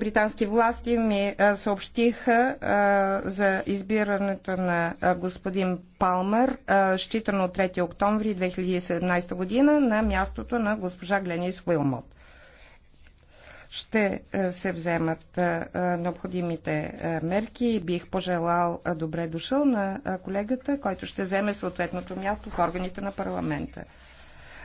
британски власти ми съобщиха за избирането на господин Палмер, считано от 3 октомври 2017 година, на мястото на госпожа Гленис Уилмот. Ще се вземат необходимите мерки и бих пожелал добре дошъл на колегата, който ще вземе съответното място в органите на парламента.